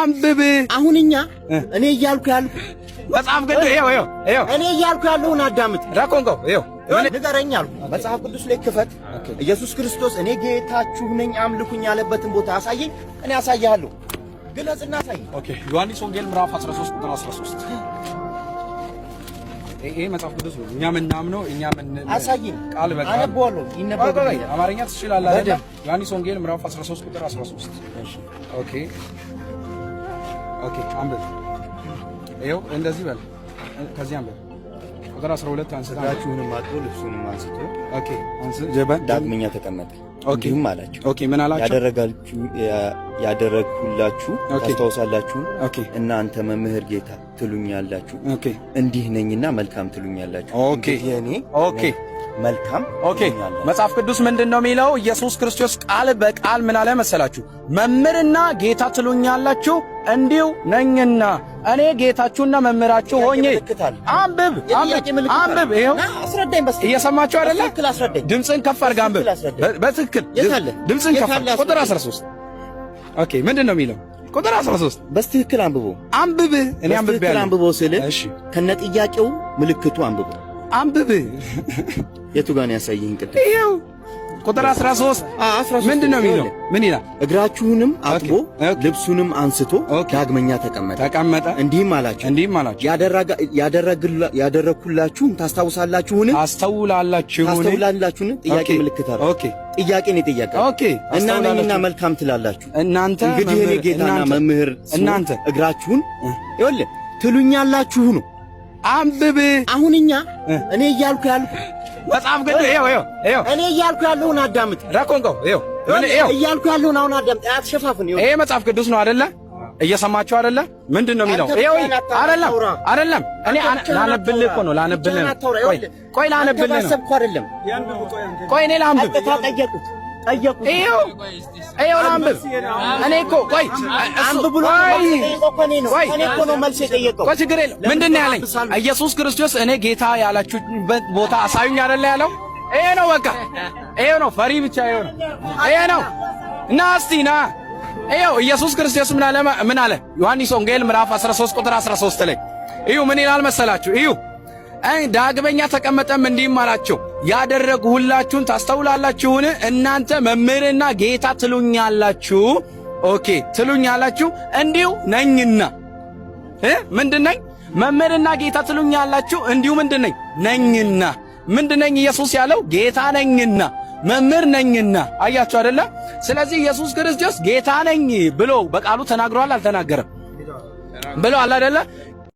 አንብብ። አሁን እኛ እኔ እያልኩ ያልኩ መጽሐፍ ቅዱስ ይኸው ይኸው ይኸው እኔ እያልኩ ያለሁን አዳምጥ። ራቆንቀው ይኸው ንገረኝ አልኩ። መጽሐፍ ቅዱስ ላይ ክፈት። ኢየሱስ ክርስቶስ እኔ ጌታችሁ ነኝ አምልኩኝ ያለበትን ቦታ አሳየኝ። እኔ አሳያለሁ። ግለጽና አሳየኝ። ኦኬ ዮሐንስ ወንጌል ምዕራፍ 13 ቁጥር 13 ይሄ መጽሐፍ ቅዱስ ነው። እኛ ምናምነው እኛ ምን አሳይም ቃል በቃል አነበዋለሁ። ይነበባል። አማርኛ ትችላለህ አይደል? ዮሐንስ ወንጌል ምዕራፍ 13 ቁጥር 13። እሺ ኦኬ ኦኬ። አንብብ። ይኸው እንደዚህ በል። ከዚህ አንብብ። ቁጥር 12 አንስታችሁንም አጥቶ ልብሱንም አንስቶ ኦኬ። አንስ ጀባ ዳግመኛ ተቀመጠ እንዲሁም ኦኬ ምን አላችሁ። አላቸው። ያደረግሁላችሁ ታስታውሳላችሁ፣ እናንተ መምህር ጌታ ትሉኛላችሁ፣ ኦኬ እንዲህ ነኝና መልካም ትሉኛላችሁ። ኦኬ ኦኬ መልካም ኦኬ። መጽሐፍ ቅዱስ ምንድን ነው የሚለው? ኢየሱስ ክርስቶስ ቃል በቃል ምን አለ መሰላችሁ? መምህርና ጌታ ትሉኛላችሁ እንዲሁ ነኝና እኔ ጌታችሁና መምህራችሁ ሆኜ። አንብብ አንብብ፣ ይኸው እየሰማችሁ አይደለ? ድምፅን ከፍ አድርገህ አንብብ። በትክክል ድምፅን ከፍ አድርገህ ቁጥር 13 ኦኬ። ምንድን ነው የሚለው? ቁጥር 13 በትክክል አንብቦ አንብብ። እኔ አንብቤ አንብቦ ስልህ ከነ ጥያቄው ምልክቱ አንብቦ አንብብ። የቱ ጋር ነው ያሳየኝ? ቅድም ይኸው ቁጥር 13 ምንድን ነው የሚለው? ምን ይላል? እግራችሁንም አጥቦ ልብሱንም አንስቶ ዳግመኛ ተቀመጠ ተቀመጠ። እንዲህም አላቸው እንዲህም አላቸው ያደረግኩላችሁን ታስታውሳላችሁን? አስተውላላችሁን? አስተውላላችሁን? ጥያቄ ምልክት አለ። ኦኬ፣ ጥያቄ ነው ጥያቄ። ኦኬ፣ እና ነኝና መልካም ትላላችሁ እናንተ። እንግዲህ እኔ ጌታና መምህር እናንተ እግራችሁን ይወል ትሉኛላችሁ ነው አንብብ። አሁንኛ እኔ እያልኩ ያልኩ መጽሐፍ ግን ይኸው ይኸው እኔ እያልኩ ያለሁን አዳምጥ። ራኮንከው ይኸው እያልኩ ያለሁን አሁን አዳምጥ። አትሸፋፍን። ይሄ መጽሐፍ ቅዱስ ነው አይደለ? እየሰማችሁ አይደለ? ምንድን ነው የሚለው? ይኸው እኔ ላነብልህ እኮ ነው ላነብልህ። ቆይ ቆይ ላነብልህ ነው። ቆይ እኔ ላንብብ ጠየቁት። ይኸው ኢየሱስ ክርስቶስ እኔ ጌታ ያላችሁበት ቦታ አሳዩኝ አይደለ ያለው? ይሄ ነው በቃ ይሄው ነው። ፈሪ ብቻ ይሄው ነው። ይሄ ነው። ና እስቲ ና ይኸው ኢየሱስ ክርስቶስ ምን አለ? ምን አለ? ዮሐንስ ወንጌል ምዕራፍ 13 ቁጥር 13 ላይ እዩ ምን ይላል መሰላችሁ? እዩ ዳግመኛ ተቀመጠም እንዲህም አላቸው ያደረግሁላችሁን ታስተውላላችሁን? እናንተ መምህርና ጌታ ትሉኛላችሁ። ኦኬ ትሉኛላችሁ፣ እንዲሁ ነኝና ምንድነኝ? መምህርና ጌታ ትሉኛላችሁ፣ እንዲሁ ነኝ? ነኝና ምንድነኝ? ኢየሱስ ያለው ጌታ ነኝና መምህር ነኝና። አያችሁ አይደለ? ስለዚህ ኢየሱስ ክርስቶስ ጌታ ነኝ ብሎ በቃሉ ተናግሯል። አልተናገረም ብሎ አይደለ?